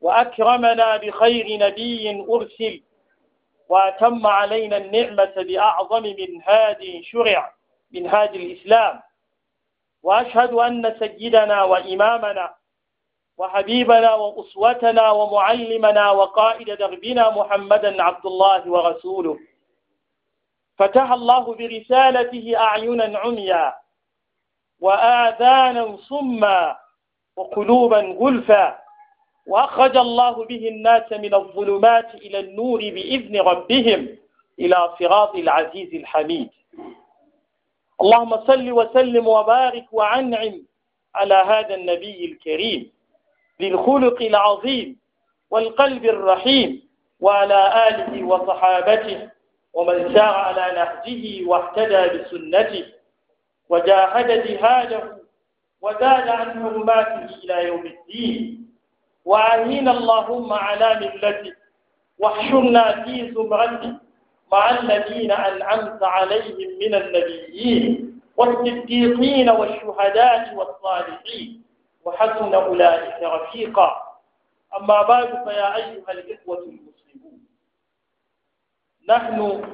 وأكرمنا بخير نبي أرسل وأتم علينا النعمة بأعظم من هذه شرع من هذه الإسلام وأشهد أن سيدنا وإمامنا وحبيبنا وأسوتنا ومعلمنا وقائد دربنا محمدا عبد الله ورسوله فتح الله برسالته أعينا عميا وآذانا صما وقلوبا غلفا وأخرج الله به الناس من الظلمات إلى النور بإذن ربهم إلى صراط العزيز الحميد اللهم صل وسلم وبارك وأنعم على هذا النبي الكريم ذي الخلق العظيم والقلب الرحيم وعلى آله وصحابته ومن سار على نهجه واهتدى بسنته وجاهد جهاده وزاد عن حرماته إلى يوم الدين وأعينا اللهم على ملتك واحشرنا في زمرتي مع الذين أنعمت عليهم من النبيين والصديقين والشهداء والصالحين وحسن أولئك رفيقا أما بعد فيا أيها الإخوة المسلمون نحن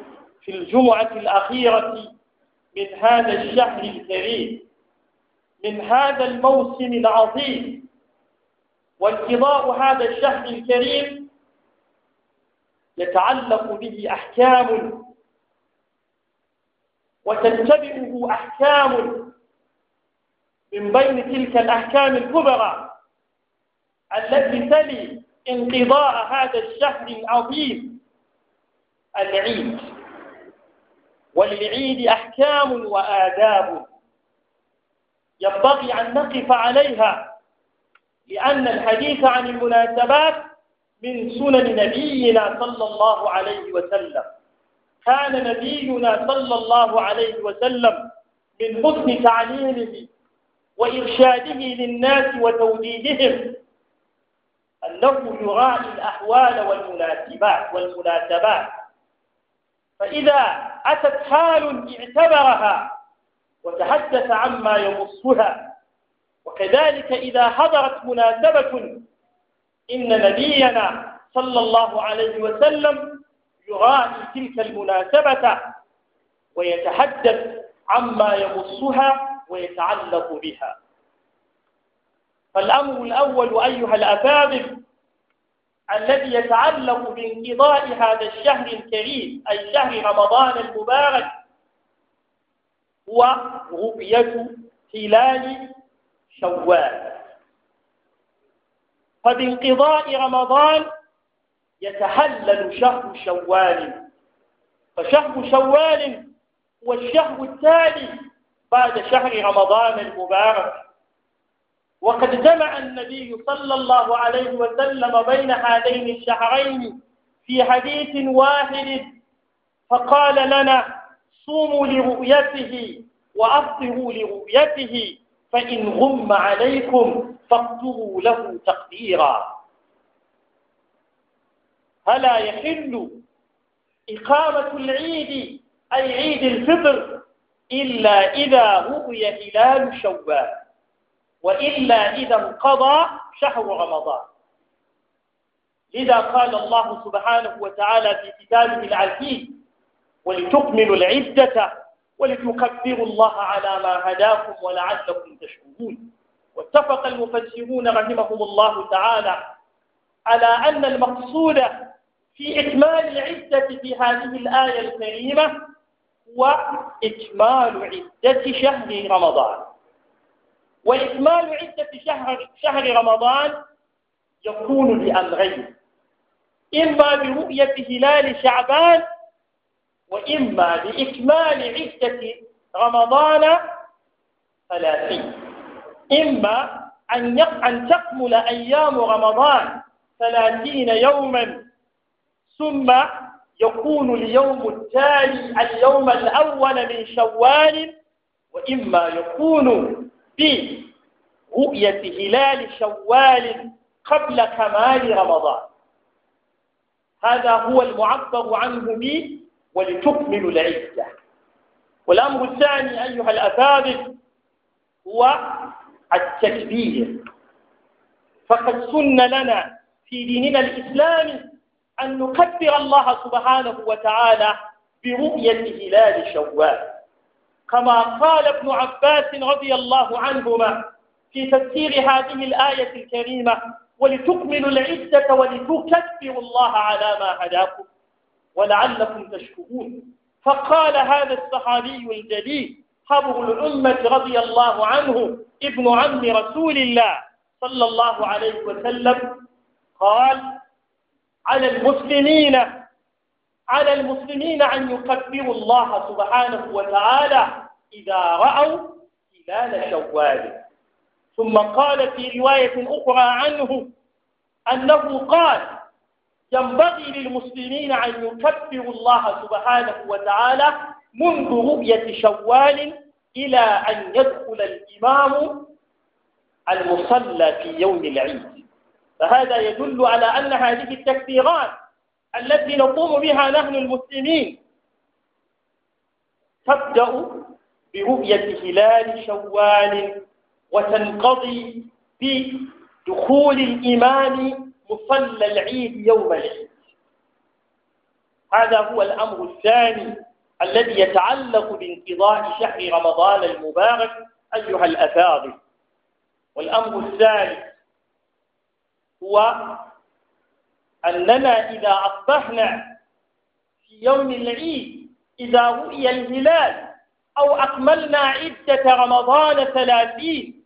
في الجمعة الأخيرة من هذا الشهر الكريم من هذا الموسم العظيم وانقضاء هذا الشهر الكريم يتعلق به أحكام وتتبعه أحكام من بين تلك الأحكام الكبرى التي تلي انقضاء هذا الشهر العظيم العيد وللعيد أحكام وآداب ينبغي أن نقف عليها لأن الحديث عن المناسبات من سنن نبينا صلى الله عليه وسلم كان نبينا صلى الله عليه وسلم من حسن تعليمه وإرشاده للناس وتوديدهم أنه يراعي الأحوال والمناسبات والمناسبات فإذا أتت حال اعتبرها وتحدث عما يمصها وكذلك إذا حضرت مناسبة إن نبينا صلى الله عليه وسلم يراعي تلك المناسبة ويتحدث عما يمصها ويتعلق بها فالأمر الأول أيها الأفاضل الذي يتعلق بانقضاء هذا الشهر الكريم أي شهر رمضان المبارك هو رؤية هلال شوال فبانقضاء رمضان يتحلل شهر شوال فشهر شوال هو الشهر التالي بعد شهر رمضان المبارك وقد جمع النبي صلى الله عليه وسلم بين هذين الشهرين في حديث واحد فقال لنا صوموا لرؤيته وأفطروا لرؤيته فإن غم عليكم فاقتروا له تقديرا فلا يحل إقامة العيد أي عيد الفطر إلا إذا رؤي هلال شوال وإلا إذا انقضى شهر رمضان لذا قال الله سبحانه وتعالى في كتابه العزيز ولتكملوا العدة ولتكبروا الله على ما هداكم ولعلكم تشكرون واتفق المفسرون رحمهم الله تعالى على أن المقصود في إكمال العدة في هذه الآية الكريمة هو إكمال عدة شهر رمضان وإكمال عدة شهر, شهر رمضان يكون بأمرين إما برؤية هلال شعبان وإما لإكمال عدة رمضان ثلاثين إما أن أن تكمل أيام رمضان ثلاثين يوما ثم يكون اليوم التالي اليوم الأول من شوال وإما يكون برؤية هلال شوال قبل كمال رمضان هذا هو المعبر عنه ولتكملوا العدة والأمر الثاني أيها الأساتذة هو التكبير فقد سن لنا في ديننا الإسلامي أن نكبر الله سبحانه وتعالى برؤية هلال شوال كما قال ابن عباس رضي الله عنهما في تفسير هذه الآية الكريمة ولتكملوا العدة ولتكبروا الله على ما هداكم ولعلكم تشكرون فقال هذا الصحابي الجليل حبر الأمة رضي الله عنه ابن عم رسول الله صلى الله عليه وسلم قال على المسلمين على المسلمين أن يكبروا الله سبحانه وتعالى إذا رأوا هلال شوال ثم قال في رواية أخرى عنه أنه قال ينبغي للمسلمين أن يكبروا الله سبحانه وتعالى منذ رؤية شوال إلى أن يدخل الإمام المصلى في يوم العيد فهذا يدل على أن هذه التكبيرات التي نقوم بها نحن المسلمين تبدأ برؤية هلال شوال وتنقضي بدخول الإمام مصلى العيد يوم العيد هذا هو الأمر الثاني الذي يتعلق بانقضاء شهر رمضان المبارك أيها الأفاضل والأمر الثالث هو أننا إذا أصبحنا في يوم العيد إذا رؤي الهلال أو أكملنا عدة رمضان ثلاثين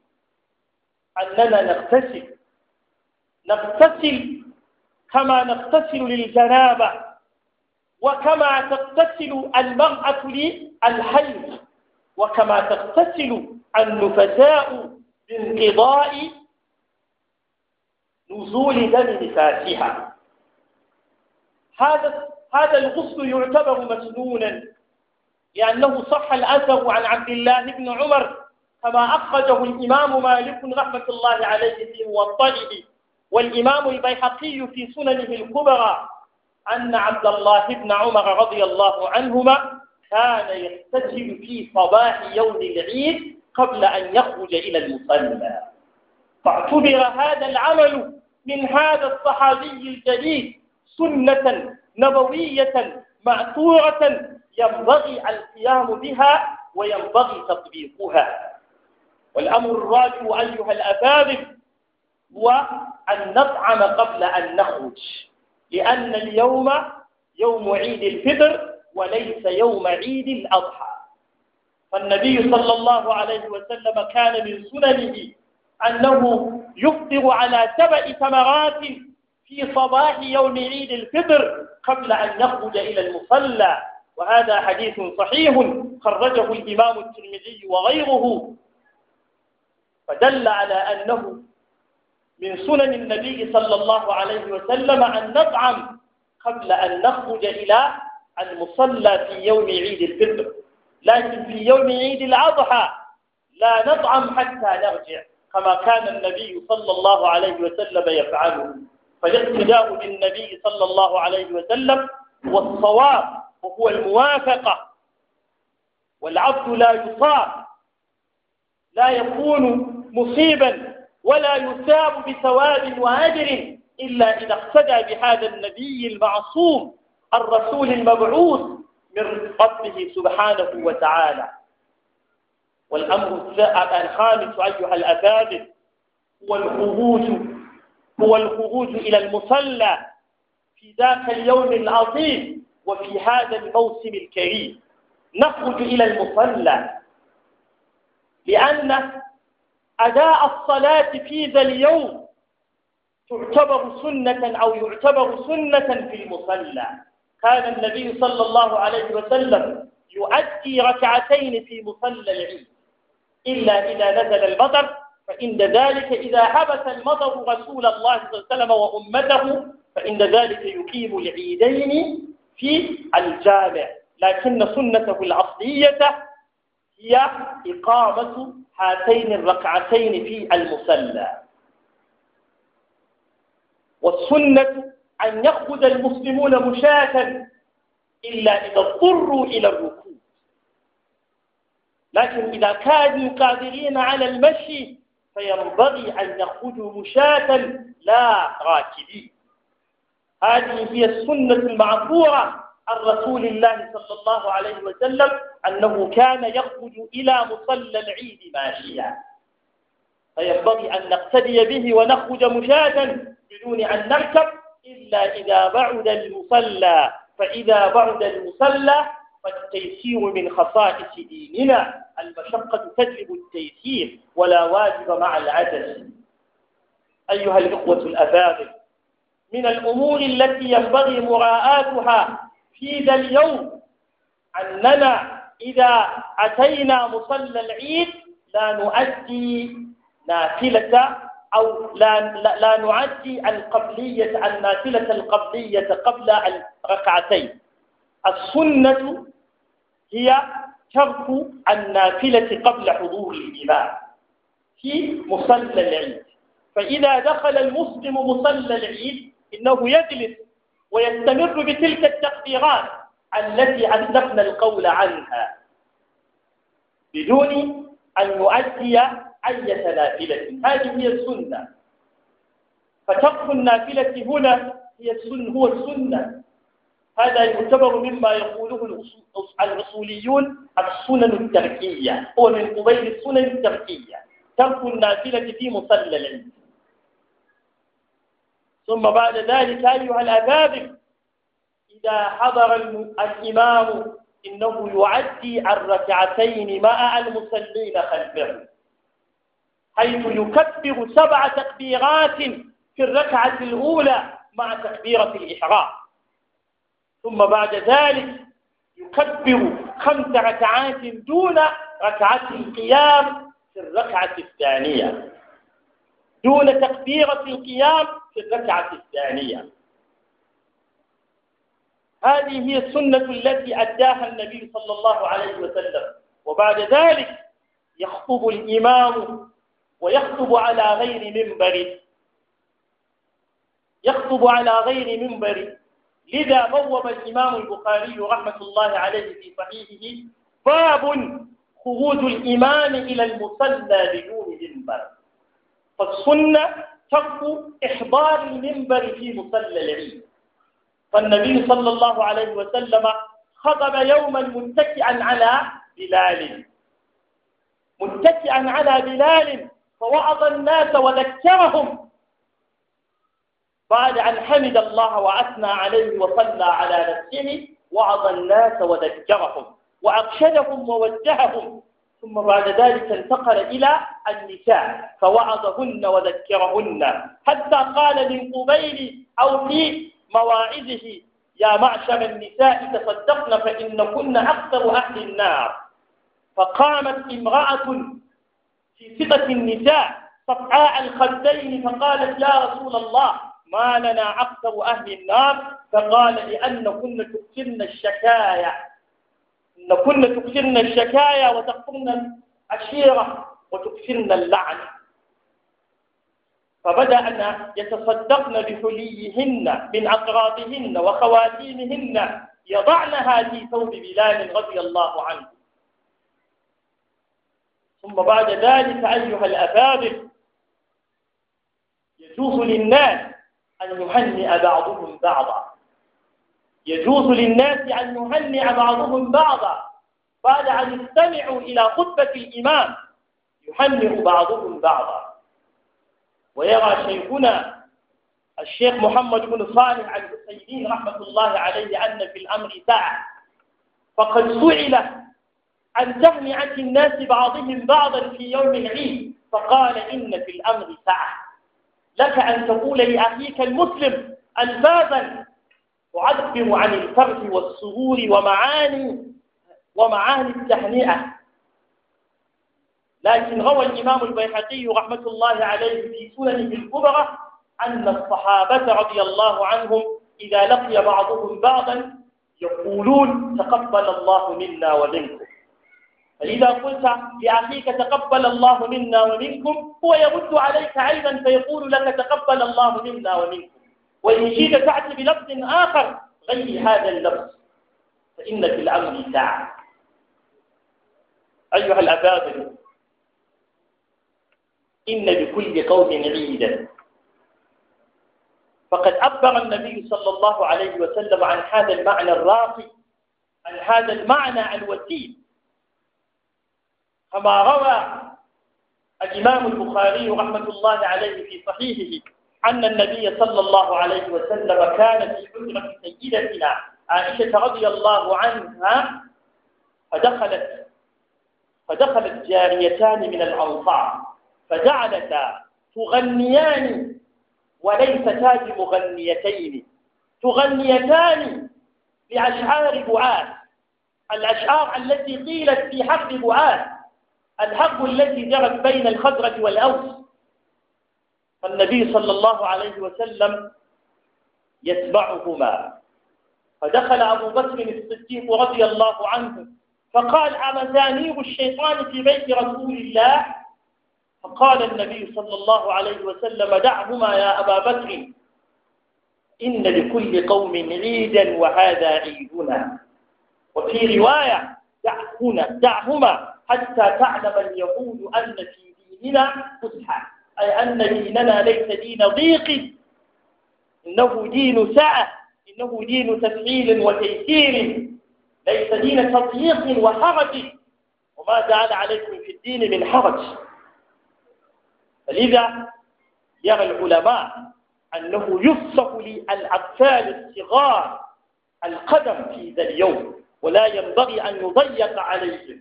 أننا نغتسل نغتسل كما نغتسل للجنابة وكما تغتسل المرأة للحيض وكما تغتسل النفساء بانقضاء نزول دم نفاسها هذا هذا الغسل يعتبر مسنونا لأنه صح الأثر عن عبد الله بن عمر كما أخرجه الإمام مالك رحمة الله عليه في موطئه والإمام البيهقي في سننه الكبرى أن عبد الله بن عمر رضي الله عنهما كان يستجل في صباح يوم العيد قبل أن يخرج إلى المصلى فاعتبر هذا العمل من هذا الصحابي الجليل سنة نبوية معثورة ينبغي القيام بها وينبغي تطبيقها والأمر الراجع أيها الأفاضل وأن نطعم قبل أن نخرج لأن اليوم يوم عيد الفطر وليس يوم عيد الأضحى فالنبي صلى الله عليه وسلم كان من سننه أنه يفطر على سبع ثمرات في صباح يوم عيد الفطر قبل أن يخرج إلى المصلى وهذا حديث صحيح خرجه الإمام الترمذي وغيره فدل على أنه من سنن النبي صلى الله عليه وسلم أن نطعم قبل أن نخرج إلى المصلى في يوم عيد الفطر لكن في يوم عيد الأضحى لا نطعم حتى نرجع كما كان النبي صلى الله عليه وسلم يفعله فالاقتداء بالنبي صلى الله عليه وسلم والصواب وهو الموافقة والعبد لا يصاب لا يكون مصيبا ولا يثاب بثواب وأجر إلا إذا اقتدى بهذا النبي المعصوم الرسول المبعوث من ربه سبحانه وتعالى والأمر الخامس أيها الأساتذة هو الخروج هو الخروج إلى المصلى في ذاك اليوم العظيم وفي هذا الموسم الكريم نخرج إلى المصلى لأن أداء الصلاة في ذا اليوم تعتبر سنة أو يعتبر سنة في المصلى كان النبي صلى الله عليه وسلم يؤدي ركعتين في مصلى العيد إلا إذا نزل المطر فإن ذلك إذا حبس المطر رسول الله صلى الله عليه وسلم وأمته فإن ذلك يقيم العيدين في الجامع لكن سنته الأصلية هي إقامة هاتين الركعتين في المصلى والسنة أن يخرج المسلمون مشاة إلا إذا اضطروا إلى الركوع لكن إذا كانوا قادرين على المشي فينبغي أن يخرجوا مشاة لا راكبين هذه هي السنة المعفورة عن رسول الله صلى الله عليه وسلم أنه كان يخرج إلى مصلى العيد ماشيا فينبغي أن نقتدي به ونخرج مشاة بدون أن نركب إلا إذا بعد المصلى فإذا بعد المصلى فالتيسير من خصائص ديننا المشقة تجلب التيسير ولا واجب مع العجز أيها الإخوة الأفاضل من الأمور التي ينبغي مراءاتها في ذا اليوم أننا إذا أتينا مصلى العيد لا نؤدي نافلة أو لا, لا, لا نعدي القبلية النافلة القبلية قبل الركعتين السنة هي ترك النافلة قبل حضور الإمام في مصلى العيد فإذا دخل المسلم مصلى العيد إنه يجلس ويستمر بتلك التقديرات التي أسلفنا القول عنها بدون أن نؤدي أي نافلة هذه هي السنة فتقف النافلة هنا هي السنة هو السنة هذا يعتبر مما يقوله الأصوليون السنن التركية هو من قبيل السنن التركية ترك النافلة في مصلى العيد ثم بعد ذلك أيها الأباب إذا حضر الإمام إنه يعدي الركعتين ركعتين مع المصلين خلفه حيث يكبر سبع تكبيرات في الركعة الأولى مع تكبيرة الإحرام ثم بعد ذلك يكبر خمس ركعات دون ركعة القيام في الركعة الثانية دون تكبيرة القيام في الركعة الثانية هذه هي السنة التي أداها النبي صلى الله عليه وسلم وبعد ذلك يخطب الإمام ويخطب على غير منبر يخطب على غير منبر لذا بوب الإمام البخاري رحمة الله عليه في صحيحه باب خروج الإمام إلى المصلى بدون منبر فالسنة حق إحضار المنبر في مصلى العيد فالنبي صلى الله عليه وسلم خطب يوما متكئا على بلال متكئا على بلال فوعظ الناس وذكرهم بعد أن حمد الله وأثنى عليه وصلى على نفسه وعظ الناس وذكرهم وأرشدهم ووجههم ثم بعد ذلك انتقل إلى النساء فوعظهن وذكرهن حتى قال من قبيل أو في مواعظه يا معشر النساء تصدقن فإنكن أكثر أهل النار فقامت امرأة في ثقة النساء صفعاء الخدين فقالت يا رسول الله ما لنا أكثر أهل النار فقال لأنكن تكثرن الشكاية لكن تكثرن الشكايا وتكثرن العشيرة وتكثرن اللعنة فبدأنا يتصدقن بحليهن من أقراضهن وخواتيمهن يضعنها في ثوب بلال رضي الله عنه ثم بعد ذلك أيها الأفاضل يجوز للناس أن يهنئ بعضهم بعضا يجوز للناس أن يهنئ بعضهم بعضا بعد أن استمعوا إلى خطبة الإمام يهنئ بعضهم بعضا ويرى شيخنا الشيخ محمد بن صالح الحسيني رحمة الله عليه أن في الأمر ساعة فقد سئل عن تهنئة الناس بعضهم بعضا في يوم العيد فقال إن في الأمر ساعة لك أن تقول لأخيك المسلم ألفاظا تعبر عن الفرح والسرور ومعاني ومعاني التهنئة لكن روى الإمام البيهقي رحمة الله عليه في سننه الكبرى أن الصحابة رضي الله عنهم إذا لقي بعضهم بعضا يقولون تقبل الله منا ومنكم فإذا قلت لأخيك تقبل الله منا ومنكم هو يرد عليك عيبا فيقول لك تقبل الله منا ومنكم وإن جيت تأتي بلفظ آخر غير هذا اللفظ فإن في الأمر ساعة أيها الأبابل إن لكل قوم عيدا فقد عبر النبي صلى الله عليه وسلم عن هذا المعنى الراقي عن هذا المعنى الوسيل كما روى الإمام البخاري رحمة الله عليه في صحيحه أن النبي صلى الله عليه وسلم كان في حجرة سيدتنا عائشة رضي الله عنها فدخلت فدخلت جاريتان من الأنصار فجعلتا تغنيان وليستا بمغنيتين تغنيتان بأشعار بعاد الأشعار التي قيلت في حق بعاد الحق التي جرت بين الخضرة والأوس فالنبي صلى الله عليه وسلم يتبعهما فدخل أبو بكر الصديق رضي الله عنه فقال أمزانير الشيطان في بيت رسول الله فقال النبي صلى الله عليه وسلم دعهما يا أبا بكر إن لكل قوم عيدا وهذا عيدنا وفي رواية دعهما, حتى تعلم اليهود أن في ديننا فسحة أي أن ديننا ليس دين ضيق إنه دين سعة إنه دين تسهيل وتيسير ليس دين تضييق وحرج وما جعل عليكم في الدين من حرج فلذا يرى العلماء أنه يفسح للأطفال الصغار القدم في ذا اليوم ولا ينبغي أن يضيق عليهم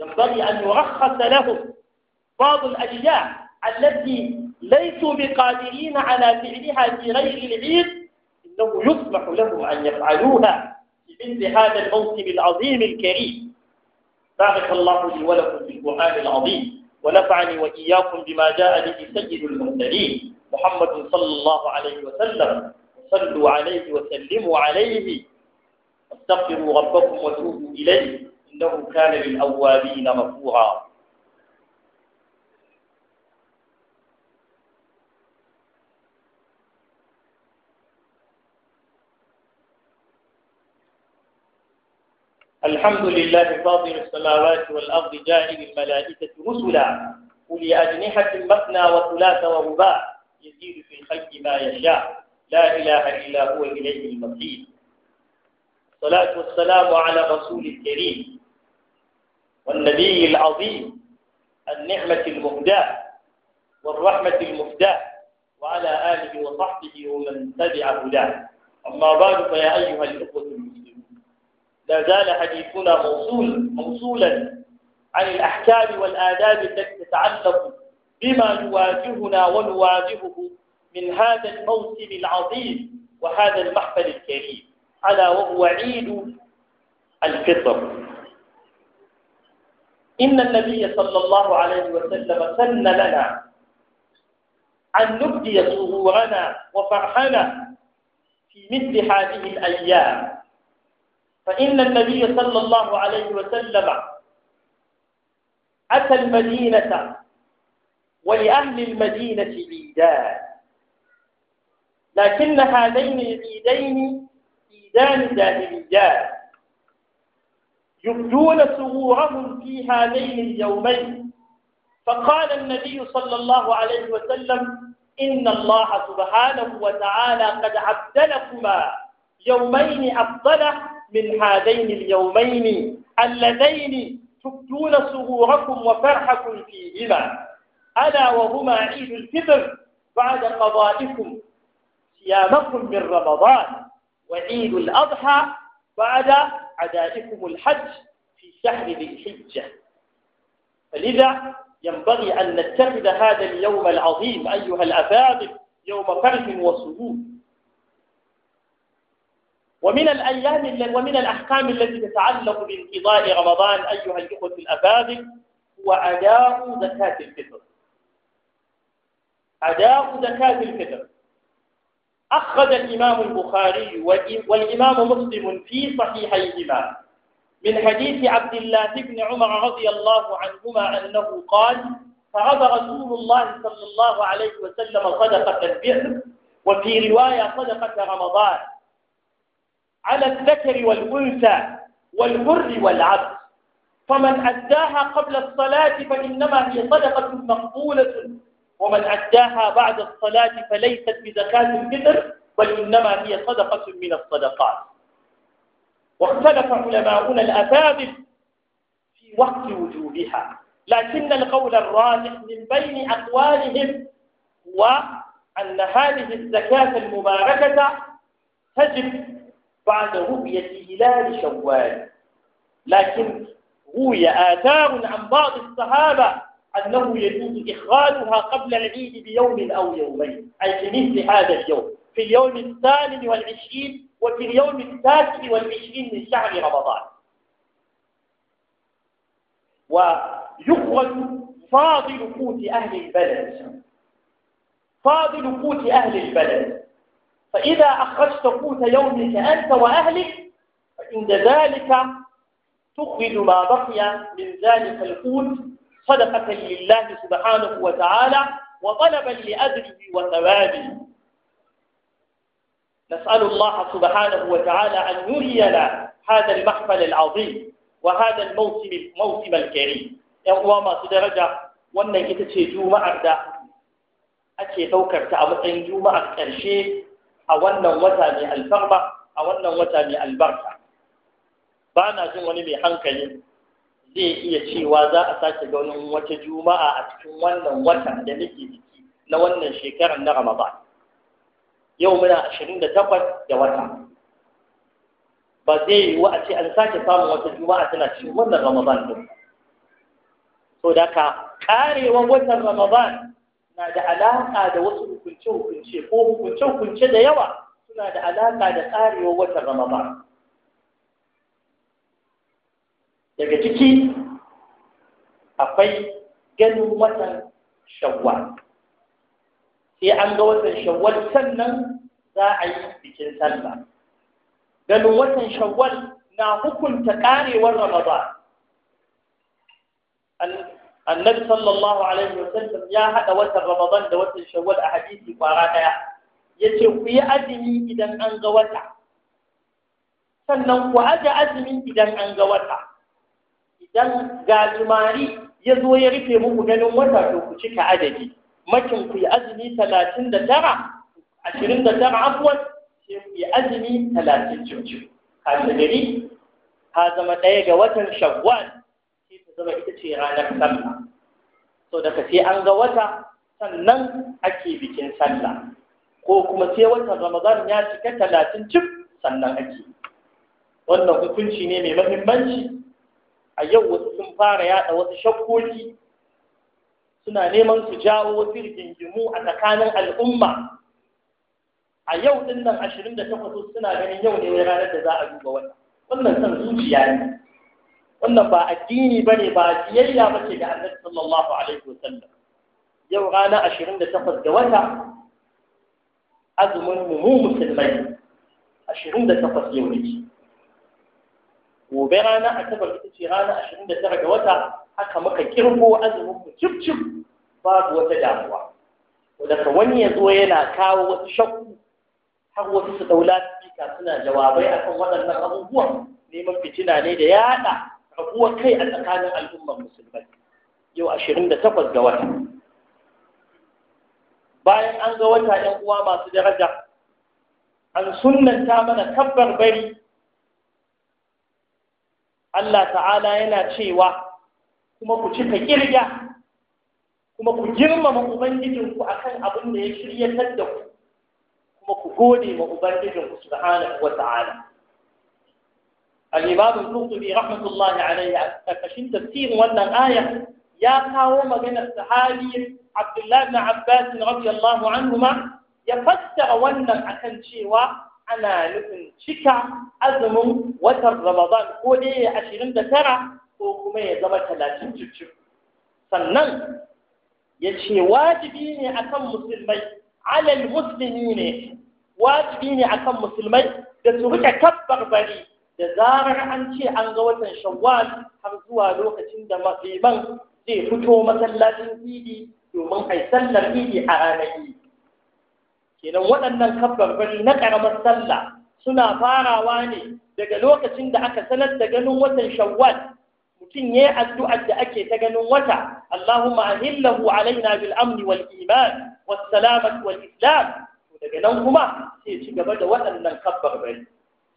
ينبغي أن يرخص لهم بعض الأجيال التي ليسوا بقادرين على فعلها في غير العيد إنه يسمح لهم أن يفعلوها في مثل هذا الموسم العظيم الكريم بارك الله لي ولكم في القرآن العظيم ونفعني وإياكم بما جاء به سيد المرسلين محمد صلى الله عليه وسلم صلوا عليه وسلموا عليه واستغفروا ربكم وتوبوا إليه إنه كان للأوابين غفورا الحمد لله فاطر السماوات والأرض جاعل الملائكة رسلا أولي أجنحة مثنى وثلاث ورباع يزيد في الخلق ما يشاء لا إله إلا هو إليه المصير الصلاة والسلام على رسول الكريم والنبي العظيم النعمة المهداة والرحمة المهداة وعلى آله وصحبه ومن تبع هداه أما بعد فيا أيها الإخوة لا زال حديثنا موصول موصولا عن الأحكام والآداب التي تتعلق بما يواجهنا ونواجهه من هذا الموسم العظيم وهذا المحفل الكريم ألا وهو عيد الفطر إن النبي صلى الله عليه وسلم سن لنا أن نبدي سرورنا وفرحنا في مثل هذه الأيام فإن النبي صلى الله عليه وسلم أتى المدينة ولأهل المدينة عيدان لكن هذين العيدين عيدان جاهليان يبدون سرورهم في هذين اليومين فقال النبي صلى الله عليه وسلم إن الله سبحانه وتعالى قد عبدلكما يومين أفضله من هذين اليومين اللذين تبدون صغوركم وفرحكم فيهما ألا وهما عيد الفطر بعد قضائكم صيامكم من رمضان وعيد الأضحى بعد عدائكم الحج في شهر ذي الحجة فلذا ينبغي أن نتخذ هذا اليوم العظيم أيها الأفاضل يوم فرح وسرور ومن الأيام ومن الأحكام التي تتعلق بانقضاء رمضان أيها الإخوة الأفاضل هو أداء زكاة الفطر أداء زكاة الفطر أخذ الإمام البخاري والإمام مسلم في صحيحيهما من حديث عبد الله بن عمر رضي الله عنهما أنه قال فرض رسول الله صلى الله عليه وسلم صدقة البئر وفي رواية صدقة رمضان على الذكر والأنثى والبر والعبد فمن أداها قبل الصلاة فإنما هي صدقة مقبولة ومن أداها بعد الصلاة فليست بزكاة الفطر بل إنما هي صدقة من الصدقات واختلف علماؤنا الأفاضل في وقت وجوبها لكن القول الراجح من بين أقوالهم هو أن هذه الزكاة المباركة تجب بعد رؤية هلال شوال لكن روي آثار عن بعض الصحابة أنه يجوز إخراجها قبل العيد بيوم أو يومين أي في مثل هذا اليوم في اليوم الثامن والعشرين وفي اليوم التاسع والعشرين من شهر رمضان ويخرج فاضل قوت أهل البلد فاضل قوت أهل البلد فإذا أخرجت قوت يومك أنت وأهلك فعند ذلك تخرج ما بقي من ذلك القوت صدقة لله سبحانه وتعالى وطلبا لأجره وثوابه نسأل الله سبحانه وتعالى أن يرينا هذا المحفل العظيم وهذا الموسم الموسم الكريم ‘yan درجة masu daraja wannan ita أكي توكرت da ake ɗaukar a wannan wata mai alfarma a wannan wata mai albarka ba na jin wani mai hankali zai iya cewa za a sake ganin wata juma'a a cikin wannan wata da nake ciki na wannan shekarar na ramadan yau muna ashirin da takwas da wata ba zai yiwu a ce an sake samun wata juma'a tana cikin wannan ramadan din so da ka karewan watan ramadan na da alaƙa da wasu hukunce-hukunce ko hukunce-hukunce da yawa suna da alaƙa da tsarewa watan ba. Daga ciki akwai ganin watan shawwa Sai an ga watan shawwal sannan za a yi bikin sallah. Ganin watan shawwal na hukunta ƙarewar Ramadan. annabi sallallahu alaihi wasallam ya hada watan ramadan da watan shawwal a hadisi kwara daya yace ku yi azumi idan an ga wata sannan ku aje azumi idan an ga wata idan gajimari ya zo ya rufe muku ganin wata to ku cika adadi makin ku yi azumi talatin da tara ashirin da tara afuwan sai ku yi azumi talatin cikin kashe gari ka zama ɗaya ga watan shawwal Zama ita ce ranar sallah so daga sai an ga wata sannan ake bikin sallah ko kuma sai wata ramadan ya cika talatin cif sannan ake wannan hukunci ne mai mahimmanci a yau wasu sun fara yada wasu shakkoki suna neman su jawo wasu rigingimu a tsakanin al'umma a yau din ashirin da takwas suna ganin yau ne ranar da za a duba wannan wannan son zuciya ne wannan ba addini ba ne ba biyayya ba ce ga annabi sallallahu alaihi wasallam yau rana ashirin da takwas ga wata azumin mu mu musulmai ashirin da takwas yau ne gobe rana asabar ita ce rana ashirin da tara ga wata haka muka kirgo azumin mu cif cif babu wata damuwa daga wani ya zo yana kawo wasu shakku har wasu su daula suna jawabai akan waɗannan abubuwan neman fitina ne da yaɗa rabuwar kai a tsakanin al'ummar musulmai yau ashirin da takwas ga wata bayan an ga wata ‘yan uwa masu daraja an sunanta mana tabbar bari Allah ta'ala yana cewa kuma ku cika kirga kuma ku girmama ubangijinku akan abin da ya shiryatar da ku kuma ku gode ma ubangijinku subhanahu wa ta'ala al’imamun ƙuntubi rahmatullahi alayya a ƙarƙashin tafsirin wannan ayar ya kawo maganar sahabiyyar abdullahi na abbasin rabiyallahu an ya fassara wannan a kan cewa ana nufin cika azumin watan ramadan ko da ashirin da tara ko kuma ya zama talatin cikin sannan ya ce wajibi ne a kan musulmai alal musulmi ne wajibi ne a kan musulmai da su rika tabbar bari da zarar an ce an ga watan shawwal har zuwa lokacin da mafiman zai fito masallacin idi domin ai sallar idi a ranar idi kenan waɗannan kabbarbari na ƙaramar sallah suna farawa ne daga lokacin da aka sanar da ganin watan shawwal mutum ya yi addu'ar da ake ta ganin wata Allahumma ahillahu alaina bil amni wal iman was salamat wal islam daga nan kuma sai ci gaba da waɗannan kabbarbari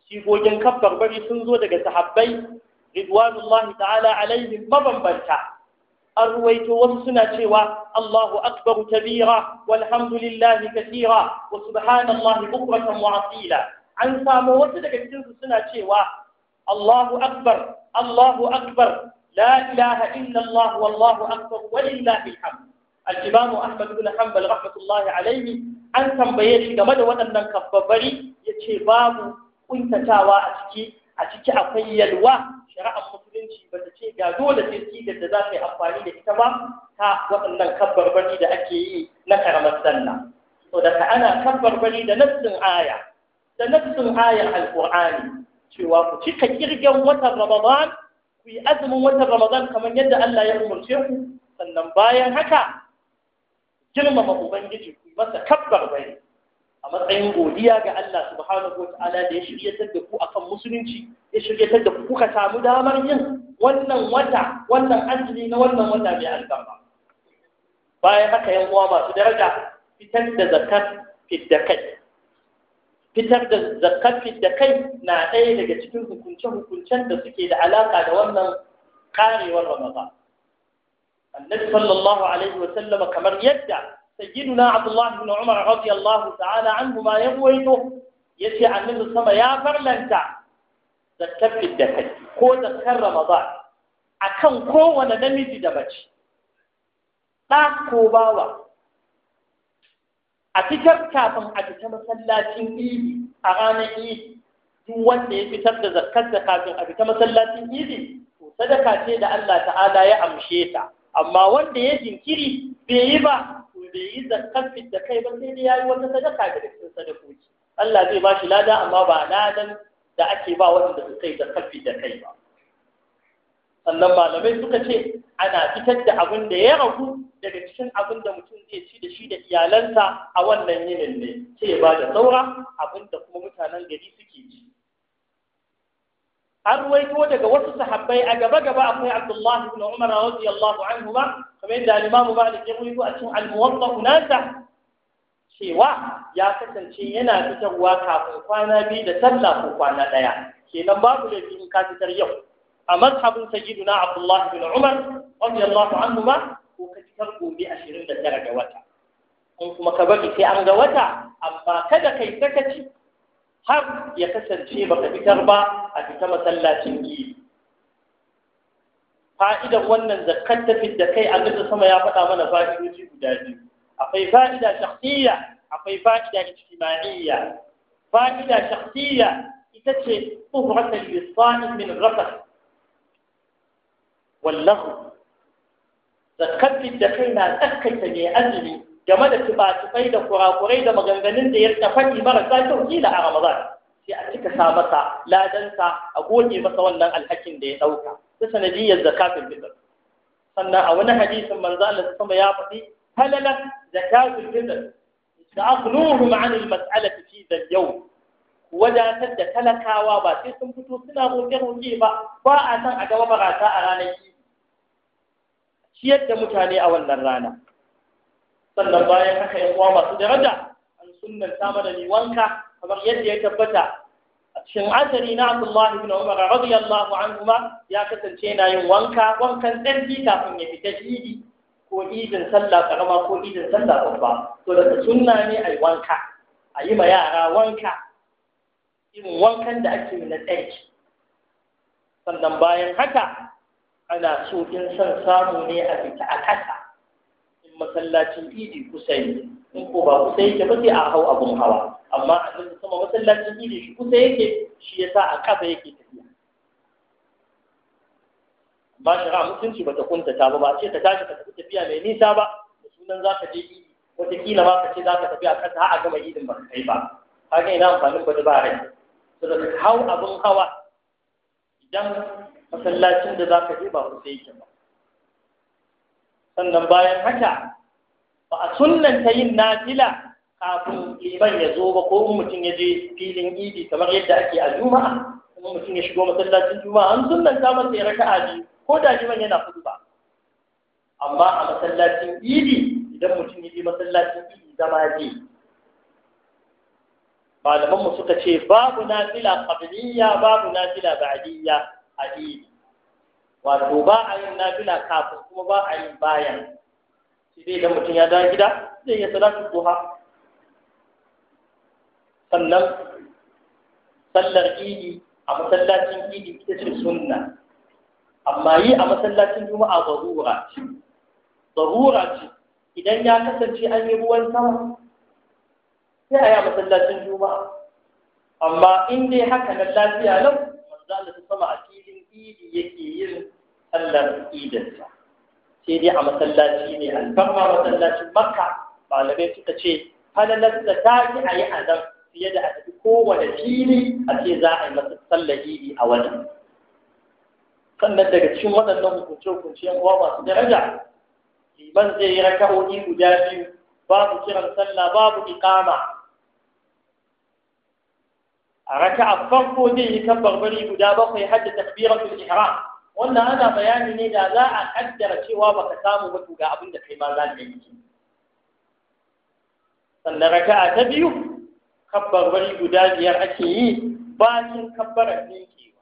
sigogin kabbar bari sun zo daga sahabbai ridwanullahi ta'ala alaihim mabambanta an ruwaito wasu suna cewa Allahu akbar kabira walhamdulillahi kathira wa subhanallahi bukratan wa asila an samu wasu daga cikin su suna cewa Allahu akbar Allahu akbar la ilaha illallah wallahu akbar walillahi alhamd al Ahmad bin Hanbal rahmatullahi alaihi an tambaye shi game da waɗannan kabbabari yace babu kuntatawa a ciki a ciki akwai yalwa shari'ar musulunci ba ta ce ga dole sai da za ta yi amfani da ita ba ta waɗannan kabbarbari da ake yi na karamar sallah to da ana kabbarbari da nassin aya da nassin ayar alqur'ani cewa ku cika kirgen watan ramadan ku yi azumin watan ramadan kamar yadda Allah ya umarce ku sannan bayan haka girmama ubangiji ku masa kabbarbari a matsayin godiya ga Allah subhanahu da ya shiryatar da ku akan musulunci ya shiryatar da ku kuka samu damar yin wannan wata wannan azumi na wannan wata mai albarka bayan haka yan uwa masu daraja fitar da zakat fidda kai fitar da zakat fidda kai na ɗaya daga cikin hukunce-hukuncen da suke da alaka da wannan karewar ramadan annabi sallallahu alaihi wa sallama kamar yadda sayyiduna abdullahi ibn umar radiyallahu ta'ala anhu ma ya ruwaito yace annabi sama ya farlanta zakkar fiddakai ko zakkar ramadan akan kowane namiji da mace ɗa ko bawa a fitar kafin a fita masallacin idi a ranar idi duk wanda ya fitar da zakkar da kafin a fita masallacin idi to sadaka ce da Allah ta'ala ya amshe ta amma wanda ya jinkiri bai yi ba bai yi zakafin da kai ba sai dai yayi wata sadaka daga cikin sadakoki Allah zai ba shi lada amma ba ladan da ake ba wanda su kai zakar da kai ba sannan malamai suka ce ana fitar da abin da ya ragu daga cikin abin da mutum zai ci da shi da iyalansa a wannan yinin ne sai ya ba da saura abin da kuma mutanen gari suke ci an ruwaito daga wasu sahabbai a gaba gaba akwai Abdullahi ibn Umar radiyallahu anhu ba kamar yadda al-Imam Malik ya ruwaito a cikin al-Muwatta nasa cewa ya kasance yana fitarwa kafin kwana biyu da sallah ko kwana daya kenan babu laifi in ka fitar yau a mazhabin sayyiduna Abdullahi ibn Umar radiyallahu anhu ba ko ka fitar gobe 29 ga wata in kuma ka bari sai an ga wata amma kada kai sakaci har ya kasance baka fitar ba a fita masallacin idi fa'idan wannan zakkar ta da kai a gasa sama ya faɗa mana fa'idoji guda biyu akwai fa'ida shakhsiyya akwai fa'ida ijtima'iyya fa'ida shakhsiyya ita ce tuhratan lisani min rafath wallahu zakkar da kai na tsakkaita mai azumi game da tuba da kurakurai da maganganun da ya tafaki marasa kyau kila a Ramadan sai a cika sa masa ladansa a goge masa wannan alhakin da ya ɗauka ta sanadiyyar zakatul fitr sannan a wani hadisin manzo Allah sama ya faɗi halala zakatul fitr ta'aqnuhum 'an al-mas'alati fi dhal-yawm wadatar da talakawa ba sai sun fito suna roƙe-roƙe ba ba a san a gaba barata a ranar ciyar da mutane a wannan rana sannan bayan haka yan uwa masu daraja an sunnanta mana ni wanka kamar yadda ya tabbata a cikin asali na Abdullahi bin Umar radiyallahu anhuma ya kasance yana yin wanka wankan tsarki kafin ya fita idi ko idin sallah karama ko idin sallah babba to daga sunna ne ai wanka a yi ma yara wanka irin wankan da ake yi na tsarki sannan bayan haka ana so in son samu ne a fita a kasa masallacin idi kusa ne in ko ba kusa yake ba sai a hau abun hawa amma a cikin sama masallacin idi shi kusa yake shi yasa a ƙasa yake tafiya ba shi shara mutunci ba ta kunta ta ba ba ce ta tashi ka tafi tafiya mai nisa ba da sunan za ka je idi wataƙila ba ka ce za ka tafi a ƙasa a gama idin ba ka kai ba haka ina amfanin ba ba rai saboda hau abun hawa idan masallacin da za ka je ba kusa yake ba sannan bayan haka ba a ta yin nafila kafin liman ya zo ba ko in mutum ya je filin idi kamar yadda ake a juma'a kuma mutum ya shigo masallacin juma'a an sunnanta masa ya raka aji ko da liman yana kudu ba amma a masallacin idi idan mutum ya je masallacin idi zama je malaman mu suka ce babu nafila qabliyya babu nafila ba'adiyya a idi wato ba a yin nafila kafin kuma ba a yin bayan shi dai idan mutum ya dawo gida zai iya salatu duha sannan sallar idi a masallacin idi ita ce sunna amma yi a masallacin juma'a zarura ce zarura ce idan ya kasance an yi ruwan sama sai a yi a masallacin juma'a amma in dai haka na lafiya lau manzo Allah ta sama a ranar idansa sai dai a masallaci ne alfarma masallacin makka malamai suka ce falalar da ta yi a yi a nan fiye da a tafi kowane fili a ce za a yi masa sallar idi a wani. sannan daga cikin waɗannan hukunce-hukuncen uwa masu daraja liman zai yi raka'o'i guda biyu babu kiran sallah babu iqama a raka'a farko zai yi kan barbari guda bakwai hadda takbiratul ihram wannan ana bayani ne da za a kaddara cewa baka samu ba ga abin da kai ma za ka yi sannan raka'a ta biyu kabbarwari guda biyar ake yi bacin kabbarar miƙewa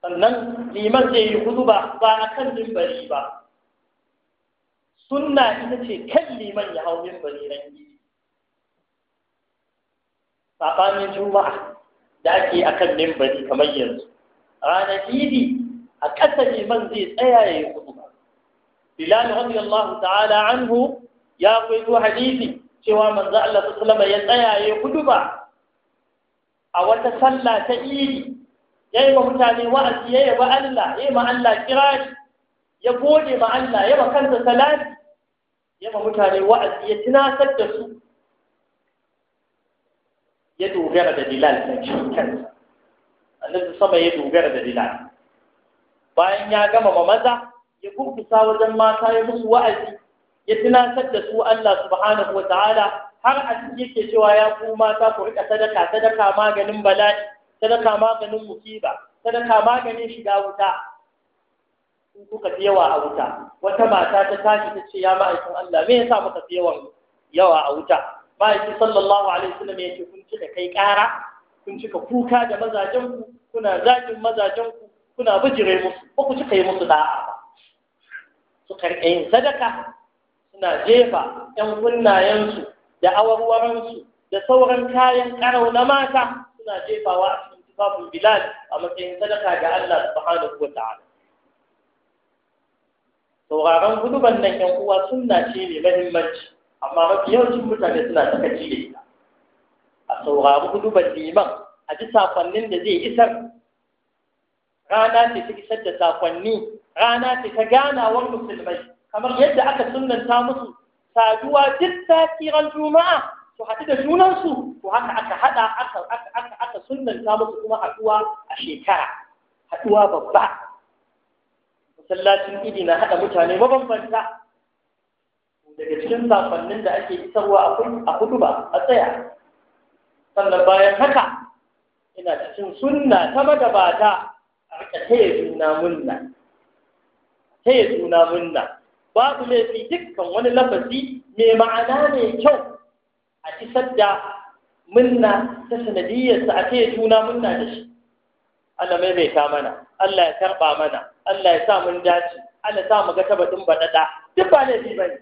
sannan liman zai yi hudu ba ba a kan limbari ba sunna ita ce kan liman ya hau limbari rangi saɓanin juma'a da ake a kan mimbari kamar yanzu ranar idi a ƙasa liman zai tsaya ya yi kudu bilal allah ta'ala anhu ya kai zuwa hadisi cewa manzo Allah sallallahu ya tsaya ya yi kudu ba a wata sallah ta idi yi wa mutane wa'azi ya wa Allah ya yi ma Allah kirari ya gode ma Allah yaba ba kansa salati ya ba mutane wa'azi ya tunasar da su ya dogara da Bilal na cikin kansa annabi sama ya dogara da Bilal bayan ya gama ma maza ya kurkusa wajen mata ya musu wa'azi ya tunatar da su Allah subhanahu ta'ala har a cikin yake cewa ya ku mata ku rika sadaka sadaka maganin bala'i sadaka maganin musiba sadaka maganin shiga wuta in kuka fi yawa a wuta wata mata ta tashi ta ce ya ma'aikin Allah me yasa muka fi yawa a wuta bayan sallallahu alaihi wasallam ya ce kun cika kai ƙara kun cika kuka da mazajenku, ku kuna zagin mazajenku, ku kuna bijire musu ko ku cika yi musu da'a ba su karɓe yin sadaka suna jefa ƴan kunnayensu da awarwaransu da sauran kayan ƙarau na mata suna jefawa a cikin bilal a matsayin sadaka ga Allah subhanahu wa ta'ala sauraron guduban nan ƴan uwa sunna ce mai mahimmanci amma mafi yawancin mutane suna sakaci da ita a saurari guduban liman a ji safonin da zai isar rana ce ta isar da safonni rana ce ta ganawar musulmai kamar yadda aka sunanta musu saduwa duk satiran juma'a su haɗu da junansu ko haka aka haɗa aka aka aka sunanta musu kuma haɗuwa a shekara haɗuwa babba masallacin idi na haɗa mutane mabambanta daga cikin safannin da ake isarwa a kudu ba a tsaya sannan bayan haka ina cikin sunna ta magabata a rika taya juna munna taya juna munna babu laifi dukkan wani lafazi mai ma'ana mai kyau a isar da munna ta sanadiyyarsa a taya juna munna da shi Allah mai mai mana Allah ya karɓa mana Allah ya sa mun dace Allah ya sa mu ga tabbatin baɗaɗa duk ba laifi bane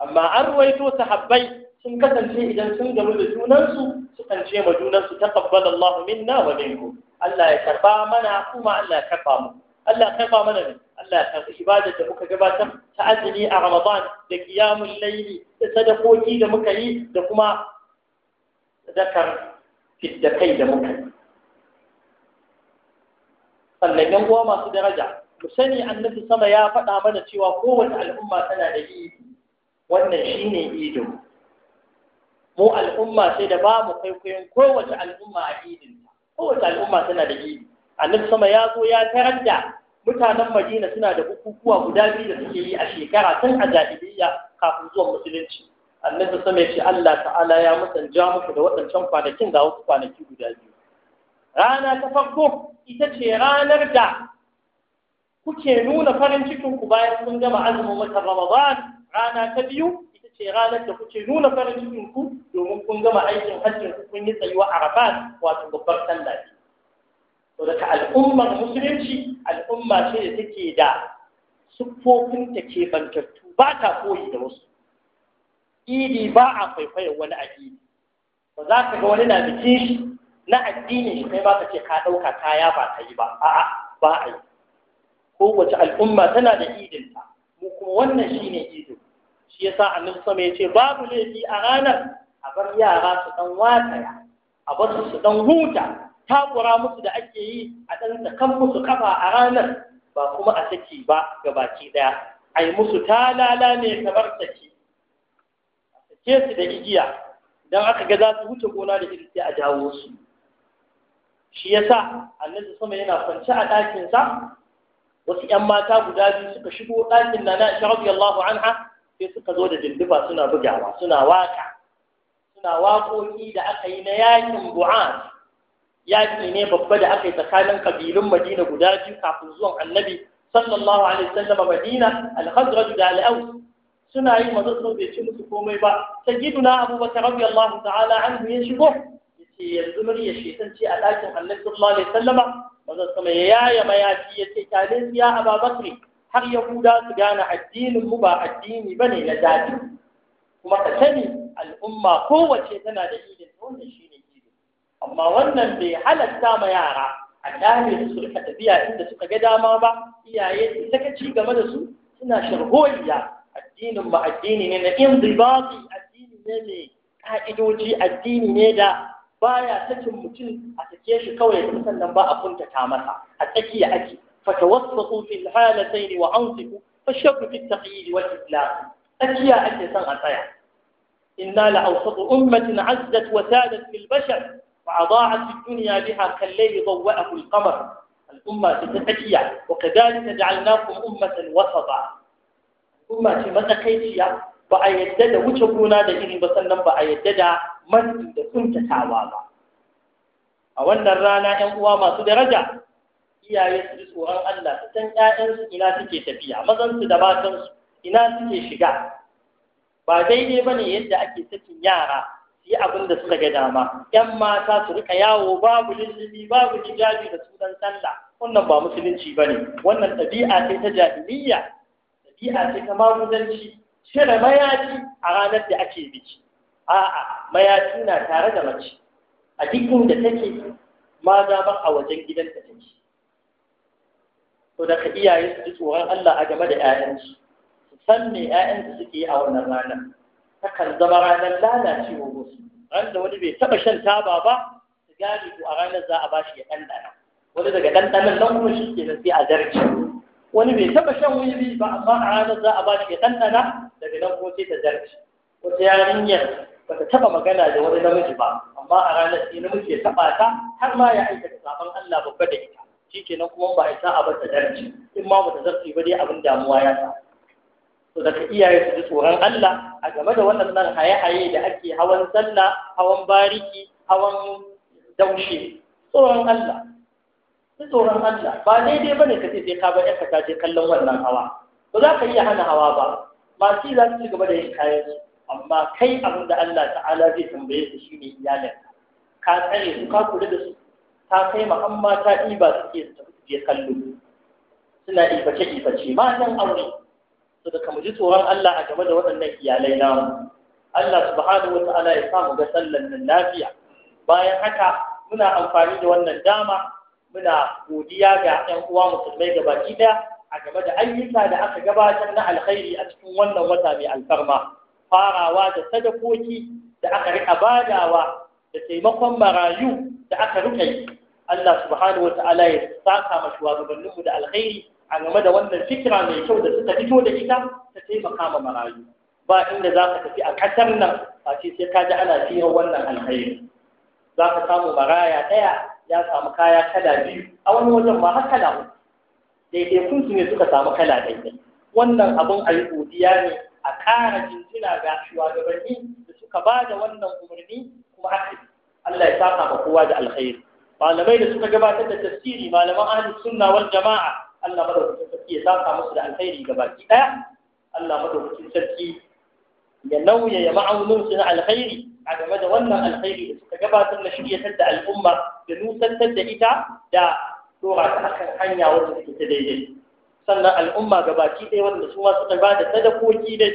amma an ruwaito sahabbai sun kasance idan sun gamu da junansu kan ce ma junansu ta Allah minna wa minkum Allah ya karba mana kuma Allah ya karba mu Allah ya karba mana ne Allah ya karbi ibadar da muka gabatar ta azumi a Ramadan da qiyamul layli da sadakoki da muka yi da kuma sadakar fiddakai da muka yi sannan yan uwa masu daraja mu sani annabi sama ya faɗa mana cewa kowace al'umma tana da idi wannan shine ido. mu al'umma sai da ba mu kwaikwayon kowace al'umma a idin kowace al'umma tana da idi annabi sama ya zo ya tarar da mutanen madina suna da bukukuwa guda biyu da suke yi a shekara tun a jahiliyya kafin zuwa musulunci annabi sama ya ce Allah ta'ala ya musanja muku da waɗancan kwanakin ga wasu kwanaki guda biyu rana ta farko ita ce ranar da kuke nuna farin cikinku bayan sun gama azumin watan Ramadan rana ta biyu ita ce ranar da kuke nuna farin cikin ku domin kun gama aikin hajjin kun yi tsayuwa a Rabat wato babbar sallah ce to daga al'ummar musulunci al'umma ce da take da siffofin ta ke bantattu ba ta koyi da wasu idi ba a kwaikwayon wani addini ba za ka ga wani na bikin shi na addinin shi kai ba ka ce ka ɗauka kaya ba ka yi ba a'a ba a yi kowace al'umma tana da idinta mu kuma wannan ne ido shi ya yasa annabi sama ya ce babu laifi a ranar a bar yara su dan wataya a bar su su dan huta takura musu da ake yi a dan sakan musu kafa a ranar ba kuma a saki ba gabaki daya ai musu talala ne bar saki a sake su da igiya Idan aka ga za su wuce gona da iri sai a jawo su shi ya yasa annabi sama yana kwance a ɗakinsa wasu ‘yan mata guda biyu suka shigo ɗakin na na radiyallahu anha sai suka zo da dindifa suna bugawa suna waka suna waƙoƙi da aka yi na yakin bu'an yaƙi ne babba da aka yi tsakanin kabilun madina guda biyu kafin zuwan annabi sallallahu alaihi wasallam madina al da al suna yi mazo sun bai ci musu komai ba sayyiduna abubakar radiyallahu ta'ala anhu ya shigo yanzu murya shetan ce a ɗakin annabi sallallahu sallama. wasallama kuma ya yaya mayafi ya ce kyale ya ababakri har yahuda su gane addinin mu ba addini bane na dadi kuma ka sani al'umma kowace tana da idin wannan shine idin amma wannan bai halatta ma yara a dame su rika tafiya inda suka ga dama ba iyaye su saka ci game da su suna sharholiya addinin mu addini ne na inzibati addini ne mai ka'idoji addini ne da baya ta cin mutum a take shi kawai sannan ba a kunta ta masa a tsakiya ake fatawassatu fil halatayn wa anfiqu fashabu fit taqyid wal islam tsakiya ake son a tsaya inna la awsatu ummatin azzat wa sadat fil bashar wa adaa'at fid dunya biha kal layli dawwa'ahu al qamar al umma fi tsakiya wa kadhalika ja'alnakum ummatan wasata umma ce matsakaiciya ba a yadda da wuce gona da iri ba sannan ba a yadda da matsi da kuntatawa ba a wannan rana 'yan uwa masu daraja iyaye su tsoron Allah su san ƴaƴansu ina suke tafiya mazansu da matansu ina suke shiga ba daidai bane yadda ake sakin yara su yi abin da suka ga dama Yan mata su rika yawo babu lullubi babu hijabi da sunan sallah wannan ba musulunci bane wannan ɗabi'a ce ta jami'iyya ɗabi'a ce ta magudanci. cire mayafi a ranar da ake biki a'a mayafi na tare da mace a duk inda take ma ba a wajen gidanta take to da ka iyaye su ji tsoron Allah a game da 'ya'yanci, su san me 'ya'yansu suke yi a wannan rana takan zama ranar lalacewa wasu ran da wani bai taba shan taba ba sigari ko a ranar za a bashi ya ɗanɗana wani daga ɗanɗanon nan kuma shi ke sai a zarce wani bai taba shan bi ba amma a ranar za a ba shi ya ɗanɗana daga nan ko sai ta zarce wata yarinyar ba ta taba magana da wani namiji ba amma a ranar sai namiji ya taba ta har ma ya aikata sabon Allah babba da ita ke nan kuma ba a sa a bar ta zarce in ma ba ta zarce ba dai abin damuwa ya sa to daga iyaye su ji tsoron Allah a game da wannan nan haye-haye da ake hawan sallah hawan bariki hawan daushe tsoron Allah ta tsoron Allah ba daidai ne ka ce sai ka bar yarka ta je kallon wannan hawa ba za ka iya hana hawa ba masu za su ci gaba da yin kayan su amma kai abin da Allah ta'ala zai tambaye su shine iyalin ka tsare su ka kula da su ta kai ma amma ta ɗiba suke su je kallo suna iface iface nan aure su da mu ji tsoron Allah a game da waɗannan iyalai namu Allah subhanahu wa ta'ala ya samu ga sallan nan lafiya bayan haka muna amfani da wannan dama muna godiya ga 'yan uwa musulmai gabaki ɗaya a game da ayyuka da aka gabatar na alkhairi a cikin wannan wata mai alfarma farawa da sadakoki da aka riƙa badawa da taimakon marayu da aka rika Allah subhanahu wa ta'ala ya saka ma shugabanninmu da alkhairi a game da wannan fikira mai kyau da suka fito da ita ta taimaka ma marayu ba inda za ka tafi a ƙasar nan a sai ka ji ana fiye wannan alkhairi za ka samu maraya ɗaya ya samu kaya kala biyu a wani wajen ma har kala uku kun su ne suka samu kala daidai wannan abin a yi godiya ne a ƙara jinjina ga shugabanni da suka ba da wannan umarni kuma aka Allah ya saka ma kowa da alkhairi malamai da suka gabatar da tafsiri malaman ahli sunna wal jama'a Allah madaukakin sarki ya saka musu da alkhairi gabaki daya Allah madaukakin sarki ya nauya ya ma'aunin su na alkhairi a game da wannan alkhairi da suka gabatar na shiryatar da al'umma da nusantar da ita da dora ta akan hanya wanda take ta daidai sannan al'umma gabaki ɗaya wanda su ma suka ba da sadakoki da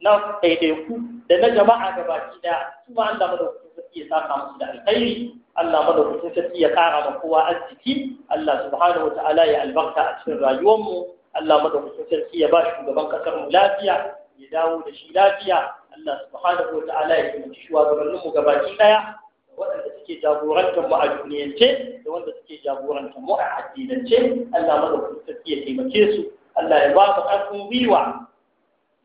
na ɗaiɗaiku da na jama'a gabaki ɗaya su ma Allah madaukakin sarki ya saka musu da alkhairi Allah madaukakin sarki ya ƙara ma kowa arziki Allah subhanahu ta'ala ya albarka a cikin rayuwarmu Allah madaukakin sarki ya ba shugaban kasar mu lafiya ya dawo da shi lafiya Allah subhanahu wa ta'ala ya kuma shugabannin mu gabaki daya waɗanda suke jagorantar mu a duniyance da wanda suke jagorantar mu a addinance Allah madaukakin sarki ya taimake su Allah ya ba mu ƙarfin gwiwa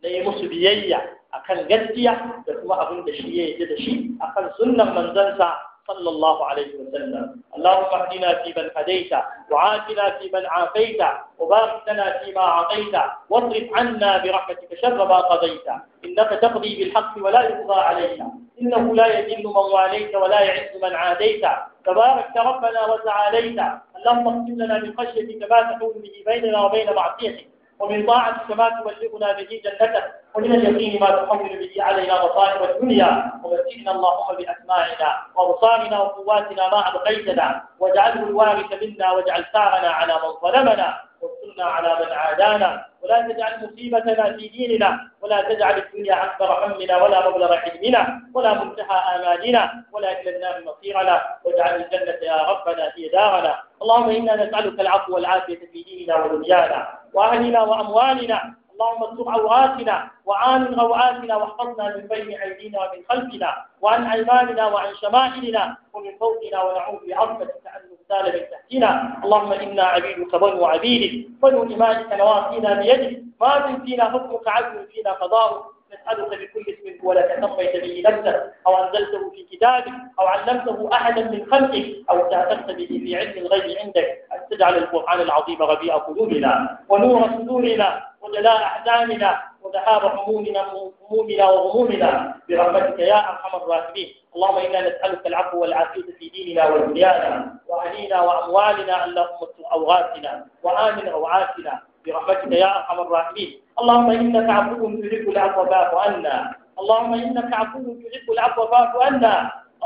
na yi musu biyayya akan gaskiya da kuma abin da shi ya yi da shi akan sunnan manzansa صلى الله عليه وسلم اللهم اهدنا فيمن هديت وعافنا فيمن عافيت وبارك لنا فيما اعطيت واصرف عنا برحمتك شر ما قضيت انك تقضي بالحق ولا يقضى علينا انه لا يذل من واليت ولا يعز من عاديت تبارك ربنا وتعاليت اللهم اغفر لنا من خشيتك ما تحول به بيننا وبين معصيتك ومن طاعتك ما تبلغنا به جنتك ومن اليقين ما تحول به علينا مصائب الدنيا ومسكنا اللهم بأسماعنا وأبصارنا وقواتنا ما أبقيتنا واجعله الوارث منا واجعل ثارنا على من ظلمنا وانصرنا على من عادانا ولا تجعل مصيبتنا في ديننا ولا تجعل الدنيا أكبر همنا ولا مبلغ حلمنا ولا منتهى آمالنا ولا إلى النار مصيرنا واجعل الجنة يا ربنا في دارنا اللهم إنا نسألك العفو والعافية في ديننا ودنيانا وأهلنا وأموالنا اللهم استر عوراتنا وعان غوعاتنا واحفظنا من بين أيدينا ومن خلفنا وعن أيماننا وعن شمائلنا ومن فوقنا ونعوذ بعظمتك أن نغتال من تحتنا اللهم إنا عبيدك بنو عبيدك بنو إمائك نواصينا بيدك ما من فينا حكمك عدل فينا قضاؤك نسألك بكل اسم هو لك سميت به نفسك أو أنزلته في كتابك أو علمته أحدا من خلقك أو استأثرت به في علم الغيب عندك أن تجعل القرآن العظيم ربيع قلوبنا ونور صدورنا وجلاء أحزاننا وذهاب همومنا همومنا وغمومنا برحمتك يا ارحم الراحمين اللهم انا نسالك العفو والعافيه في ديننا ودنيانا واهلينا واموالنا اللهم استر اوغاتنا وامن اوعاتنا برحمتك يا ارحم الراحمين اللهم انك عفو تحب العفو فاعف عنا اللهم انك عفو تحب العفو فاعف عنا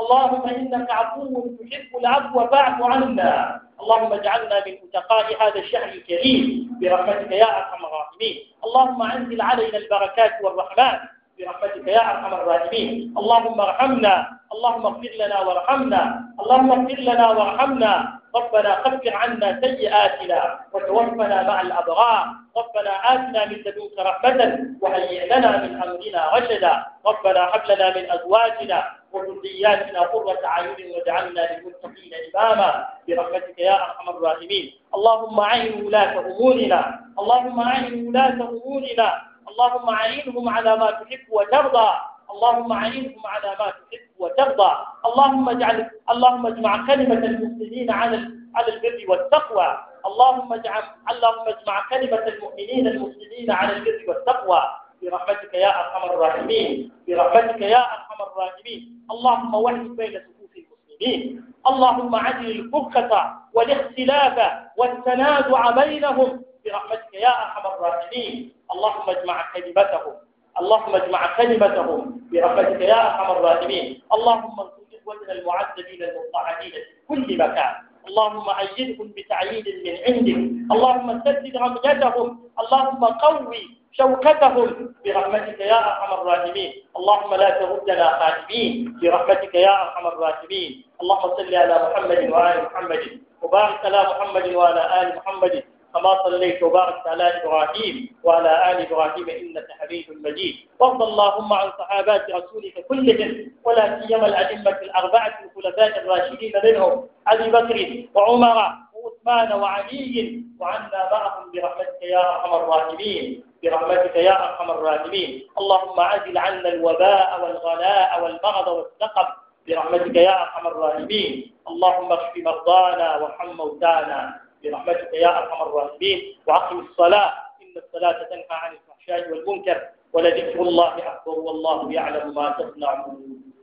اللهم انك عفو تحب العفو فاعف عنا اللهم اجعلنا من أتقاء هذا الشهر الكريم برحمتك يا أرحم الراحمين اللهم أنزل علينا البركات والرحمات برحمتك يا أرحم الراحمين اللهم ارحمنا اللهم اغفر لنا وارحمنا اللهم اغفر لنا وارحمنا ربنا خفر عنا سيئاتنا وتوفنا مع الأبرار ربنا آتنا من لدنك رحمة وهيئ لنا من أمرنا رشدا ربنا هب لنا من أزواجنا وذرياتنا قرة اعين واجعلنا للمتقين إماما برحمتك يا أرحم الراحمين اللهم أعين ولاة أمورنا اللهم أعين ولاة أمورنا اللهم أعينهم على ما تحب وترضى اللهم أعينهم على ما تحب وترضى اللهم اجعل اللهم اجمع كلمة المسلمين على على البر والتقوى اللهم اجعل اللهم اجمع كلمة المؤمنين المسلمين على البر والتقوى برحمتك يا أرحم الراحمين برحمتك يا أرحم الراحمين اللهم وحد بين صفوف المسلمين اللهم عدل الفرقة والاختلاف والتنازع بينهم برحمتك يا أرحم الراحمين اللهم اجمع كلمتهم اللهم اجمع كلمتهم برحمتك يا أرحم الراحمين اللهم انصر إخوتنا المعذبين المضطهدين في كل مكان اللهم أيدهم بتعيين من عندك اللهم سدد عميتهم اللهم قوي شوكتهم برحمتك يا أرحم الراحمين اللهم لا تردنا خائبين برحمتك يا أرحم الراحمين اللهم صل على محمد وآل محمد وبارك على محمد وعلى آل محمد كما صليت وباركت على إبراهيم وعلى آل إبراهيم إنك حميد مجيد وارض اللهم عن صحابات رسولك كلهم ولا سيما الأئمة الأربعة الخلفاء الراشدين منهم أبي بكر وعمر عثمان وعلي وعنا معهم برحمتك يا أرحم الراحمين برحمتك يا أرحم الراحمين اللهم عزل عنا الوباء والغلاء والبغض والسقم برحمتك يا أرحم الراحمين اللهم اشف مرضانا وارحم موتانا برحمتك يا أرحم الراحمين وأقم الصلاة إن الصلاة تنهى عن الفحشاء والمنكر ولذكر الله أكبر والله يعلم ما تصنعون